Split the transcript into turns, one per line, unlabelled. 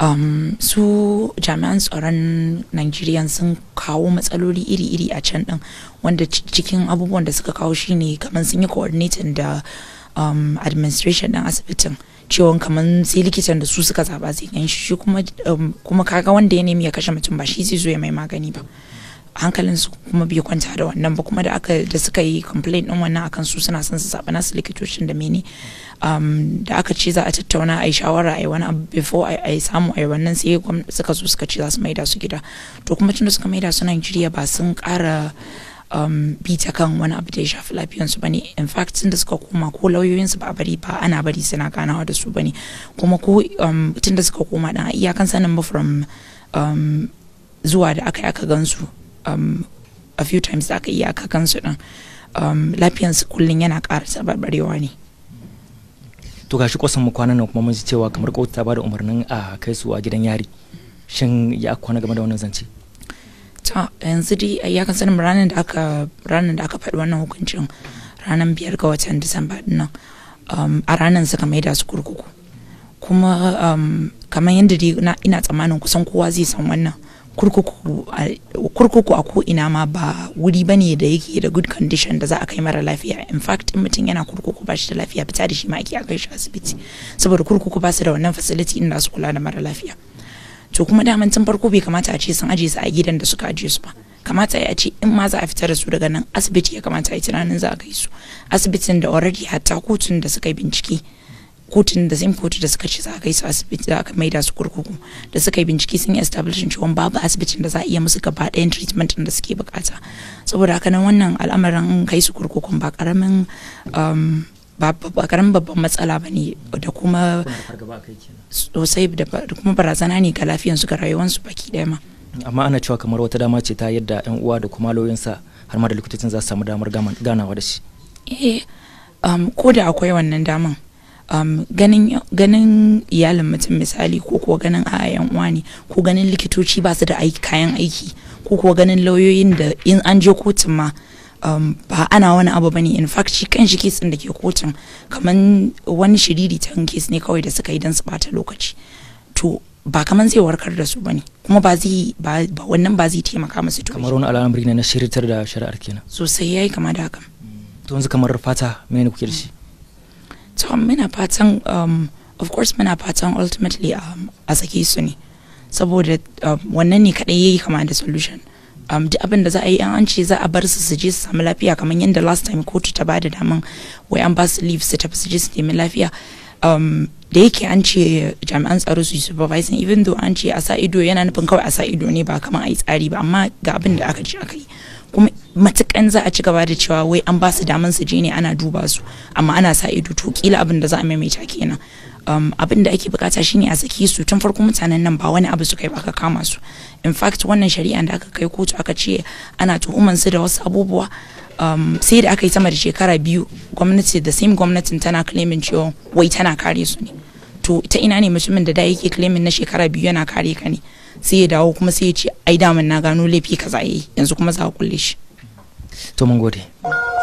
um, su jami'an tsaron nigeria sun kawo matsaloli iri-iri a can din wanda cikin abubuwan da suka kawo shine kamar sun yi coordinating da um, administration din asibitin cewa kamar sai likitan da su suka zaba zai ganshi shi kuma um, kaga wanda ya nemi ya kashe mutum ba shi zai zo ya mai magani ba. hankalin su kuma bai kwanta da wannan ba kuma da aka da suka yi complaint din wannan akan su suna son su saba nasu likitocin da mene um, da aka ce za a tattauna a yi shawara a yi wani before a samu a yi wannan sai suka zo suka ce za su maida su gida to kuma tunda suka maida su Najeriya ba sun kara um, ta kan wani abu da ya shafi su bane in fact tunda suka koma ko lauyoyinsu ba a bari ba ana bari suna ganawa da su bane kuma ko um, tunda suka koma dan iyakan sanin ba from um, zuwa da aka yi aka gansu um, a few times da aka iyaka kansu din um, lafiyansu kullum yana ƙara sababarewa ne
to gashi kwasan mu kwanan nan kuma mun ji cewa kamar kotu ta bada umarnin
a kai su a gidan yari shin ya kwana game da wannan zance ta yanzu dai ya kan sanin ranar da aka ranar da aka faɗi wannan hukuncin ranar biyar ga watan disamba um, a ranar suka da su kurkuku kuma um, kamar yadda ina tsammanin kusan kowa zai san wannan kurkuku a ko ina ma ba wuri bane da yake da good condition da za a kai mara lafiya in fact in mutum yana kurkuku ba shi da lafiya fita da shi ma ake a kai shi asibiti saboda kurkuku ba su da wannan facility inda su kula da mara lafiya to kuma daman tun farko bai kamata a ce sun aje su a gidan da suka aje su ba kamata ya ce in ma za a fitar da su daga nan asibiti ya kamata a yi tunanin za a kai su asibitin da already hatta kotun da suka yi bincike kotun da same kotu da suka ce za a kai su asibiti za a maida su kurkuku da suka yi bincike sun yi establishin cewa babu asibitin da za a iya musu gaba ɗayan treatment da suke bukata saboda haka nan wannan al'amarin kai su kurkukun ba karamin um, ba karamin babban matsala ba ne da kuma sosai da kuma barazana ne ga su ga rayuwarsu baki ɗaya ma
amma ana cewa kamar wata dama ce ta yadda yan
uwa da kuma sa har ma da likitocin za su samu damar ganawa da shi eh um, ko da akwai wannan daman um, ganin iyalin mutum misali ko kuwa ganin a yan uwa ne ko ganin likitoci ba su da kayan aiki ko kuwa ganin lauyoyin da in an je kotun ma um, ba ana wani abu bane in fact shi kan shi kesin da ke kotun kaman wani shiriri ta kes ne kawai da suka yi don su bata lokaci to ba kaman zai warkar da su bane kuma ba zai ba wannan ba zai taimaka musu to kamar wani
al'amari ne na shiritar da shari'ar kenan
sosai yayi kama da haka
to yanzu kamar fata mene kuke da
shi to um, muna fatan um, of course muna fatan ultimately um, a sake su ne saboda wannan ne kaɗai yayi kama da solution um, duk abin da za a yi an ce za a bar su su je su samu lafiya kamar yadda last time kotu ta da daman wai an ba su leave su tafi su je su nemi lafiya um, da yake an ce jami'an tsaro su supervising even though an ce a sa ido yana nufin kawai a sa ido ne ba kamar a yi tsari ba amma ga abin da aka ce aka yi matukan za a ci gaba da cewa wai an ba su daman su je ne ana duba su amma ana sa ido to kila abin da za a maimaita kenan um, abin da ake bukata shine a saki su tun farko mutanen nan ba wani abu suka yi aka kama su in fact wannan shari'a da aka kai kotu aka ce ana tuhuman su da wasu abubuwa um, sai da aka yi sama da shekara biyu gwamnati da same gwamnatin tana claiming cewa wai tana kare su ne to ta ina ne mutumin da da yake claiming na shekara biyu yana kare ka ne sai ya dawo kuma sai ya ce ai daman na gano laifi kaza yayi yanzu kuma za a kulle shi
Toma um guri.